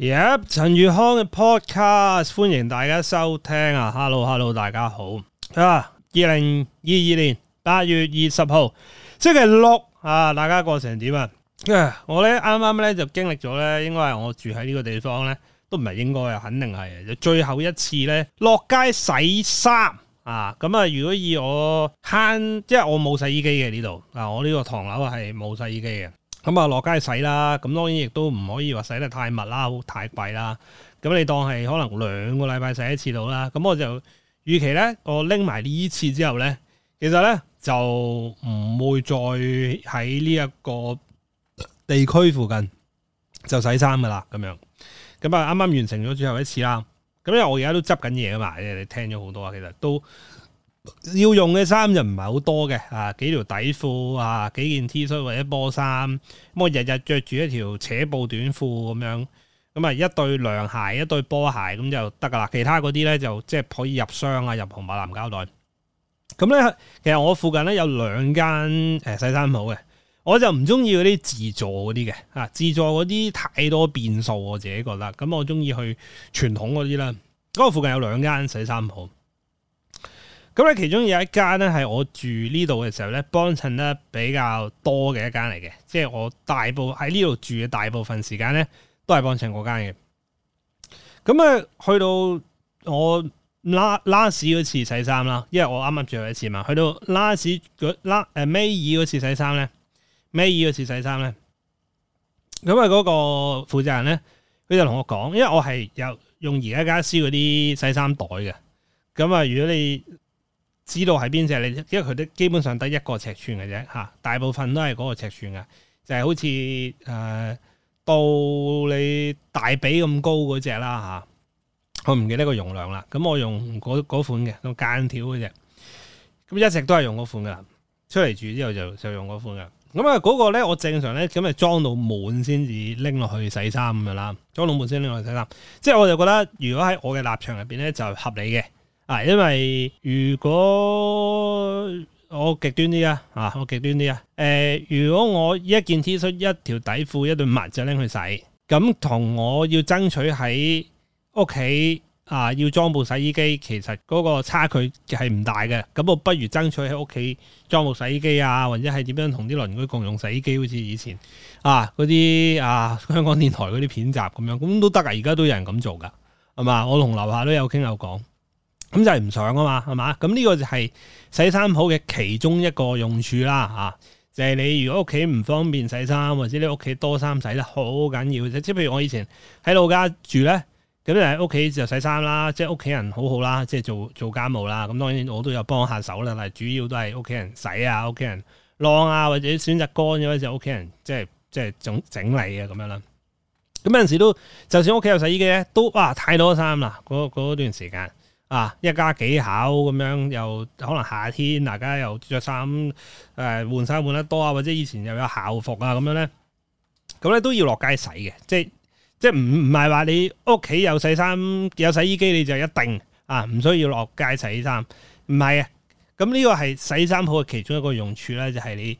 yep 陳宇康嘅 podcast，歡迎大家收聽啊！Hello，Hello，大家好啊！二零二二年八月二十號，星期六啊，大家過成點啊？Ah, 我咧啱啱咧就經歷咗咧，應該係我住喺呢個地方咧，都唔係應該啊，肯定係就最後一次咧，落街洗衫啊！咁、嗯、啊，如果以我慳，即係我冇洗衣機嘅呢度啊，我呢個唐樓係冇洗衣機嘅。咁啊，落街洗啦，咁當然亦都唔可以話洗得太密啦，太貴啦。咁你當係可能兩個禮拜洗一次到啦。咁我就預期咧，我拎埋呢次之後咧，其實咧就唔會再喺呢一個地區附近就洗衫噶啦。咁樣，咁啊啱啱完成咗最後一次啦。咁因為我而家都執緊嘢啊嘛，因為你聽咗好多啊，其實都。要用嘅衫就唔係好多嘅，啊，幾條底褲啊，幾件 T 恤或者波衫，咁、啊、我日日着住一條扯布短褲咁樣，咁啊一對涼鞋，一對波鞋咁就得噶啦。其他嗰啲咧就即係可以入箱啊，入紅白藍膠袋。咁、嗯、咧，其實我附近咧有兩間誒洗衫鋪嘅，我就唔中意嗰啲自助嗰啲嘅，啊自助嗰啲太多變數，我自己覺得。咁我中意去傳統嗰啲啦。嗰個附近有兩間洗衫鋪。咁咧，其中有一間咧，係我住呢度嘅時候咧，幫襯得比較多嘅一間嚟嘅。即係我大部喺呢度住嘅大部分時間咧，都係幫襯嗰間嘅。咁啊，去到我 last 嗰次洗衫啦，因為我啱啱最後一次嘛。去到 last 嗰 May 二次洗衫咧，May 二嗰次洗衫咧，因為嗰個負責人咧，佢就同我講，因為我係有用而家家私嗰啲洗衫袋嘅。咁啊，如果你知道係邊隻？你因為佢都基本上得一個尺寸嘅啫嚇，大部分都係嗰個尺寸嘅，就係、是、好似誒、呃、到你大髀咁高嗰隻啦嚇。我唔記得個容量啦，咁我用嗰款嘅用間條嗰隻。咁一直都係用嗰款嘅，出嚟住之後就就用嗰款嘅。咁啊嗰個咧，我正常咧咁咪裝到滿先至拎落去洗衫咁樣啦。裝到滿先拎落去洗衫，即係我就覺得如果喺我嘅立場入邊咧就合理嘅。啊，因為如果我極端啲啊，啊我極端啲啊，誒、呃、如果我一件 T 恤、一條底褲、一對襪就拎去洗，咁同我要爭取喺屋企啊要裝部洗衣機，其實嗰個差距係唔大嘅。咁我不如爭取喺屋企裝部洗衣機啊，或者係點樣同啲鄰居共用洗衣機，好似以前啊嗰啲啊香港電台嗰啲片集咁樣，咁都得噶、啊。而家都有人咁做噶，係嘛？我同樓下都有傾有講。咁就係唔想啊嘛，係嘛？咁呢個就係洗衫鋪嘅其中一個用處啦。啊，就係你如果屋企唔方便洗衫，或者你屋企多衫洗得好緊要，即係譬如我以前喺老家住咧，咁就喺屋企就洗衫啦。即係屋企人好好啦，即係做做家務啦。咁當然我都有幫下手啦，但係主要都係屋企人洗啊，屋企人晾啊，或者選擇乾咗就屋企人即係即係整整理啊咁樣啦。咁有陣時都就算屋企有洗衣機咧，都哇太多衫啦。嗰嗰段時間。啊，一家幾口咁樣，又可能夏天，大家又着衫，誒、呃、換衫換得多啊，或者以前又有校服啊，咁樣咧，咁咧都要落街洗嘅，即即唔唔係話你屋企有洗衫有洗衣機你就一定啊唔需要落街洗衫，唔係啊，咁呢個係洗衫鋪嘅其中一個用處咧，就係、是、你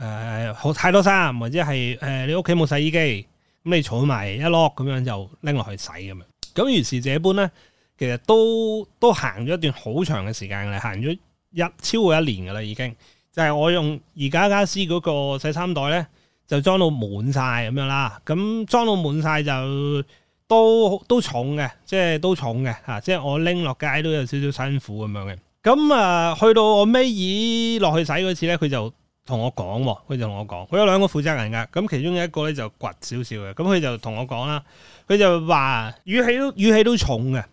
誒好、呃、太多衫，或者係、呃、你屋企冇洗衣機，咁你儲埋一落咁樣就拎落去洗咁樣，咁如是這般咧。其實都都行咗一段好長嘅時間啦，行咗一超過一年噶啦，已經就係、是、我用宜家家私嗰個洗衫袋咧，就裝到滿晒咁樣啦。咁裝到滿晒就都都重嘅，即係都重嘅吓、啊，即係我拎落街都有少少辛苦咁樣嘅。咁、嗯、啊，去到我尾二落去洗嗰次咧，佢就同我講，佢就同我講，佢有兩個負責人噶。咁其中一個咧就掘少少嘅，咁佢就同我講啦，佢就話語氣都語氣都重嘅。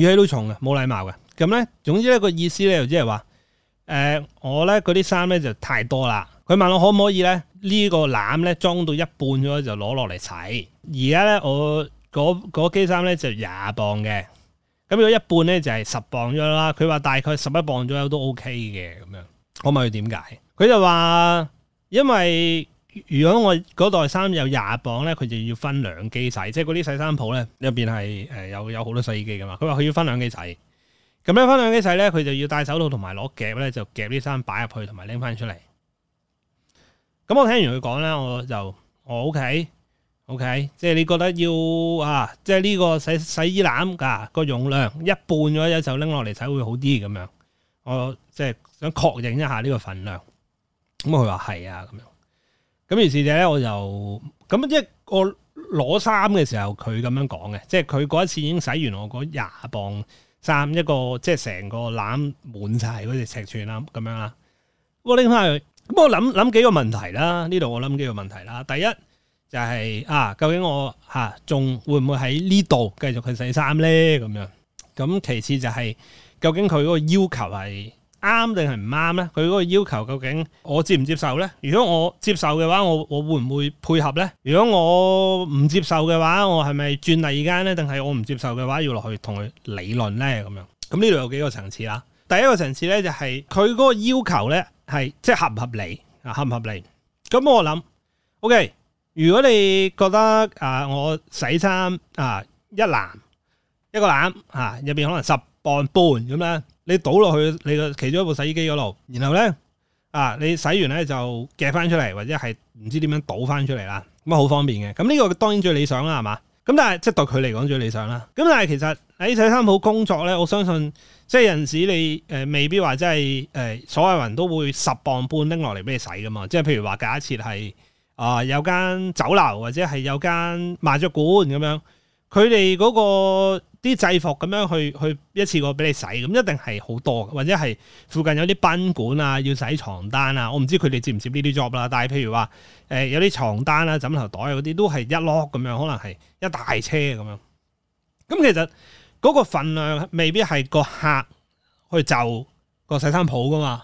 語氣都重嘅，冇禮貌嘅。咁咧，總之咧、那個意思咧就即係話，誒、呃，我咧嗰啲衫咧就太多啦。佢問我可唔可以咧呢、這個籃咧裝到一半咗就攞落嚟洗。而家咧我嗰機衫咧就廿磅嘅，咁如果一半咧就係、是、十磅咗啦。佢話大概十一磅左右都 OK 嘅咁樣。我問佢點解，佢就話因為。如果我嗰袋衫有廿磅咧，佢就要分兩機洗，即係嗰啲洗衫鋪咧入邊係誒有有好多洗衣機噶嘛。佢話佢要分兩機洗，咁樣分兩機洗咧，佢就要戴手套同埋攞夾咧，就夾啲衫擺入去，同埋拎翻出嚟。咁我聽完佢講咧，我就，OK，OK，我 OK, OK, 即係你覺得要啊，即係呢個洗洗衣籃噶個容量一半嘅話，就拎落嚟洗會好啲咁樣。我即係想確認一下呢個份量。咁佢話係啊，咁樣。咁於是咧，我就咁，即係我攞衫嘅時候，佢咁樣講嘅，即係佢嗰一次已經洗完我嗰廿磅衫一個，即係成個攬滿晒嗰隻尺寸啦，咁樣啦。我拎翻去，咁我諗諗幾個問題啦。呢度我諗幾個問題啦。第一就係、是、啊，究竟我仲、啊、會唔會喺呢度繼續去洗衫咧？咁樣。咁其次就係、是、究竟佢嗰個要求係啱定係唔啱咧？佢嗰個要求，究竟我接唔接受咧？如果我接受嘅話，我我會唔會配合咧？如果我唔接受嘅話，我係咪轉第二間咧？定係我唔接受嘅話，要落去同佢理論咧？咁樣。咁呢度有幾個層次啦。第一個層次咧就係佢嗰個要求咧係即係合唔合理啊？合唔合理？咁、嗯、我諗，OK，如果你覺得啊、呃，我洗衫啊一籃一個籃吓入邊可能十磅半咁樣。你倒落去你嘅其中一部洗衣機嗰度，然後咧啊，你洗完咧就夾翻出嚟，或者係唔知點樣倒翻出嚟啦，咁啊好方便嘅。咁呢個當然最理想啦，係嘛？咁但係即係對佢嚟講最理想啦。咁但係其實喺洗衫鋪工作咧，我相信即係有陣時你誒、呃、未必話即係誒，所有人都會十磅半拎落嚟俾你洗噶嘛。即係譬如話假設係啊有間酒樓或者係有間麻雀館咁樣。佢哋嗰個啲制服咁樣去去一次過俾你洗，咁一定係好多，或者係附近有啲賓館啊，要洗床單啊，我唔知佢哋接唔接呢啲 job 啦。但係譬如話，有啲床單呀、啊、枕頭袋嗰啲都係一籮咁樣，可能係一大車咁樣。咁其實嗰個份量未必係個客去就個洗衫鋪噶嘛，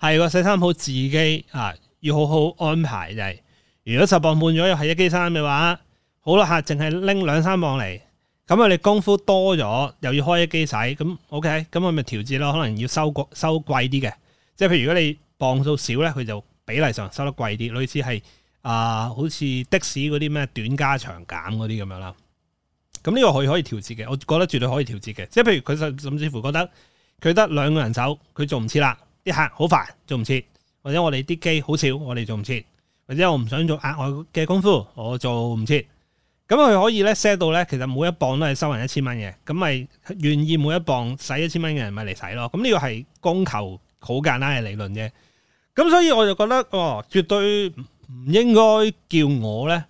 係個洗衫鋪自己啊要好好安排就係、是。如果十磅半左右係一機衫嘅話，好啦，客淨係拎兩三磅嚟，咁啊你功夫多咗，又要開一機使，咁 OK，咁我咪調節咯。可能要收，收貴收貴啲嘅，即係譬如如果你磅數少咧，佢就比例上收得貴啲。類似係啊，呃，好似的士嗰啲咩短加長減嗰啲咁樣啦。咁呢個佢可，可以調節嘅，我覺得絕對可以調節嘅。即係譬如佢就甚至乎覺得佢得兩個人手，佢做唔切啦，啲客好煩做唔切，或者我哋啲機好少，我哋做唔切，或者我唔想做額外嘅功夫，我做唔切。咁佢可以咧 set 到咧，其實每一磅都係收人一千蚊嘅，咁咪願意每一磅使一千蚊嘅人咪嚟使咯。咁呢個係供求好簡單嘅理論啫。咁所以我就覺得，哦，絕對唔應該叫我咧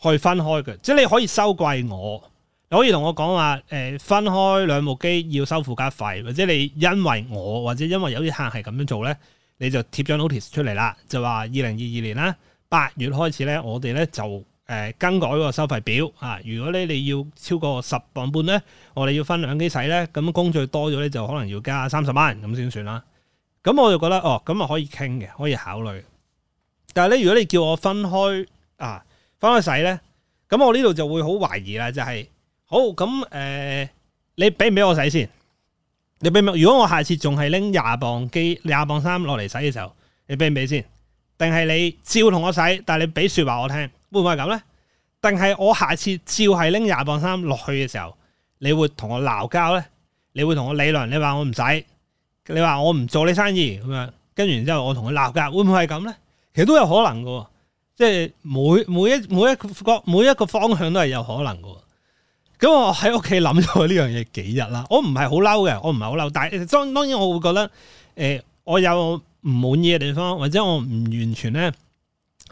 去分開嘅。即係你可以收貴我，你可以同我講話，誒、呃，分開兩部機要收附加費，或者你因為我或者因為有啲客係咁樣做咧，你就貼張 notice 出嚟啦，就話二零二二年啦八月開始咧，我哋咧就。誒、呃、更改嗰個收費表啊！如果咧你，你要超過十磅半咧，我哋要分兩機洗咧，咁工序多咗咧就可能要加三十萬咁先算啦。咁我就覺得哦，咁啊可以傾嘅，可以考慮。但係咧，如果你叫我分開啊分開洗咧，咁我呢度就會好懷疑啦，就係、是、好咁誒、呃，你俾唔俾我洗先？你俾唔如果我下次仲係拎廿磅機廿磅衫落嚟洗嘅時候，你俾唔俾先？定係你照同我洗，但係你俾説話我聽。會唔會係咁咧？定係我下次照係拎廿磅衫落去嘅時候，你會同我鬧交咧？你會同我理論？你話我唔使，你話我唔做你生意咁樣，跟住然之後我同佢鬧交，會唔會係咁咧？其實都有可能噶，即係每每一每一個每一個方向都係有可能噶。咁我喺屋企諗咗呢樣嘢幾日啦。我唔係好嬲嘅，我唔係好嬲，但係當當然我會覺得，誒、呃，我有唔滿意嘅地方，或者我唔完全咧。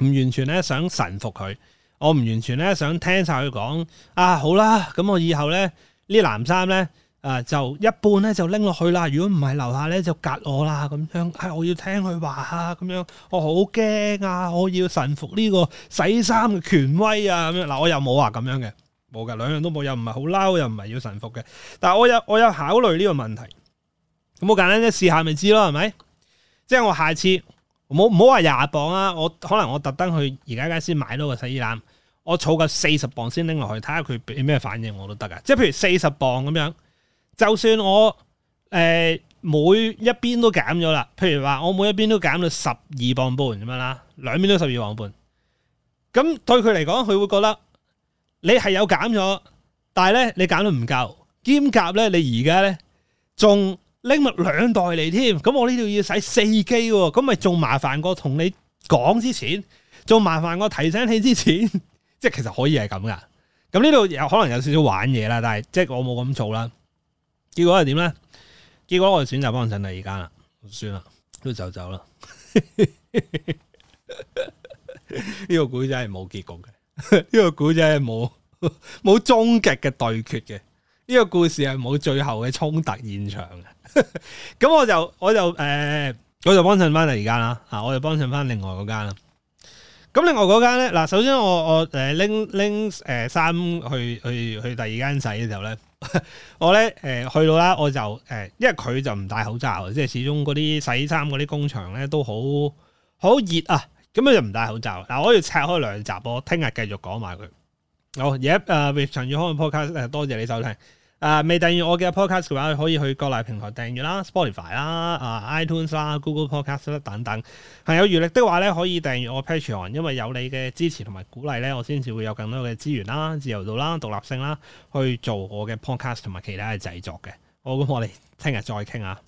唔完全咧想臣服佢，我唔完全咧想聽晒佢講啊好啦，咁我以後咧呢男衫咧誒就一半咧就拎落去啦，如果唔係樓下咧就夾我啦咁樣，係、哎、我要聽佢話啊咁樣，我好驚啊，我要臣服呢個洗衫嘅權威啊咁樣，嗱、啊、我又冇話咁樣嘅，冇噶，兩樣都冇，又唔係好嬲，又唔係要臣服嘅，但係我有我有考慮呢個問題，咁好簡單一試下咪知咯，係咪？即係我下次。唔好唔好話廿磅啊！我可能我特登去而家家先買到個洗衣籃，我儲夠四十磅先拎落去睇下佢俾咩反應我都得㗎。即係譬如四十磅咁樣，就算我誒、呃、每一邊都減咗啦。譬如話我每一邊都減到十二磅半咁樣啦，兩邊都十二磅半。咁對佢嚟講，佢會覺得你係有減咗，但係咧你減到唔夠，兼夾咧你而家咧仲拎物兩袋嚟添，咁我呢度要使四機喎。咁咪仲麻煩過同你講之前，仲麻煩過提醒你之前，即 係其實可以係咁噶。咁呢度有可能有少少玩嘢啦，但係即係我冇咁做啦。結果係點咧？結果我就選擇幫襯你而家啦，算啦，都走走啦。呢個古仔係冇結局嘅，呢個古仔係冇冇終極嘅對決嘅，呢個故事係冇、這個這個、最後嘅衝突現場嘅。咁 我就我就誒，我就幫襯翻第二間啦，吓我就幫襯翻另外嗰間啦。咁另外嗰間咧，嗱，首先我我誒拎拎誒衫去去去，去第二間洗嘅時候咧， 我咧誒、呃、去到啦，我就誒、呃，因為佢就唔戴口罩，即係始終嗰啲洗衫嗰啲工場咧都好好熱啊，咁佢就唔戴口罩。嗱、呃，我要拆開兩集，我聽日繼續講埋佢。好，而家誒陳宇康嘅 podcast，多謝你收聽。誒，未訂閱我嘅 podcast 嘅話，可以去各大平台訂閱啦，Spotify 啦，啊 iTunes 啦，Google Podcast 啦等等。朋有餘力的話咧，可以訂閱我 Patreon，因為有你嘅支持同埋鼓勵咧，我先至會有更多嘅資源啦、自由度啦、獨立性啦，去做我嘅 podcast 同埋其他嘅製作嘅。好，咁我哋聽日再傾啊！